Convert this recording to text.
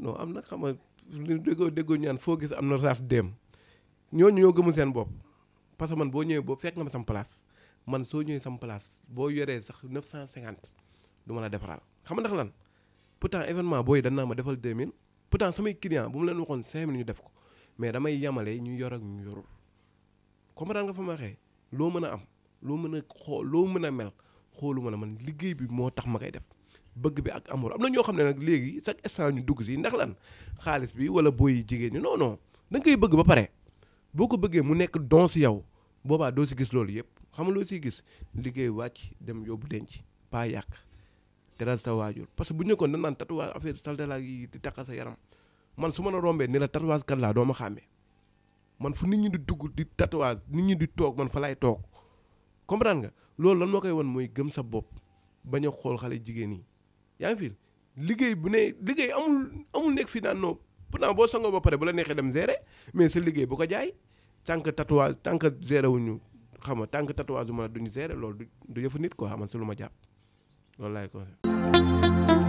non am na xam nga déggoo déggoo ñaan foo gis am na raaf dem ñooñu ñoo gëmul seen bopp parce que man boo ñëwee boo fekk nga ma sam place man soo ñëwee sam place boo yoree sax 950 du ma la defaral xam nga ndax lan pourtant événement booy dan naa ma defal 2000 pourtant samay client bu mu leen waxoon 5000 ñu def ko mais damay yamale ñu yor ak ñu yorul comprendre nga fa ma waxee loo mën a am loo mën a xool loo mën a mel xooluma la man liggéey bi moo tax ma koy def bëgg bi ak amour am na ñoo xam ne nag léegi chaque instant ñu dugg si ndax lan xaalis bi wala booy jigéen ñi non non da koy bëgg ba pare boo ko bëggee mu nekk don si yow boobaa doo si gis loolu yëpp xam nga loo siy gis liggéey wàcc dem yóbbu denc pas yàq teral sa waajur parce que bu ñu nekkoon dañ naan tatouage affaire saleté la yi di taqa sa yaram man su ma la rombee ni la tatouage kat laa doo ma xàmmee man fu nit ñi di dugg di tatouage nit ñi di toog man fa laay toog comprendre nga loolu lan moo koy wan mooy gëm sa bopp bañ a xool xale jigéen yi yaa ngi liggéey bu ne liggéey amul amul nekk fii naan non pourtant boo sangoo ba pare bu la neexee dem gérer mais sa liggéey bu ko jaay tant que tatouage tant que gérer wuñu xam nga tant que tatouage bu mën a duñu gérer loolu du du yëfu nit koo xam nga si lu ma jàpp loolu laay ko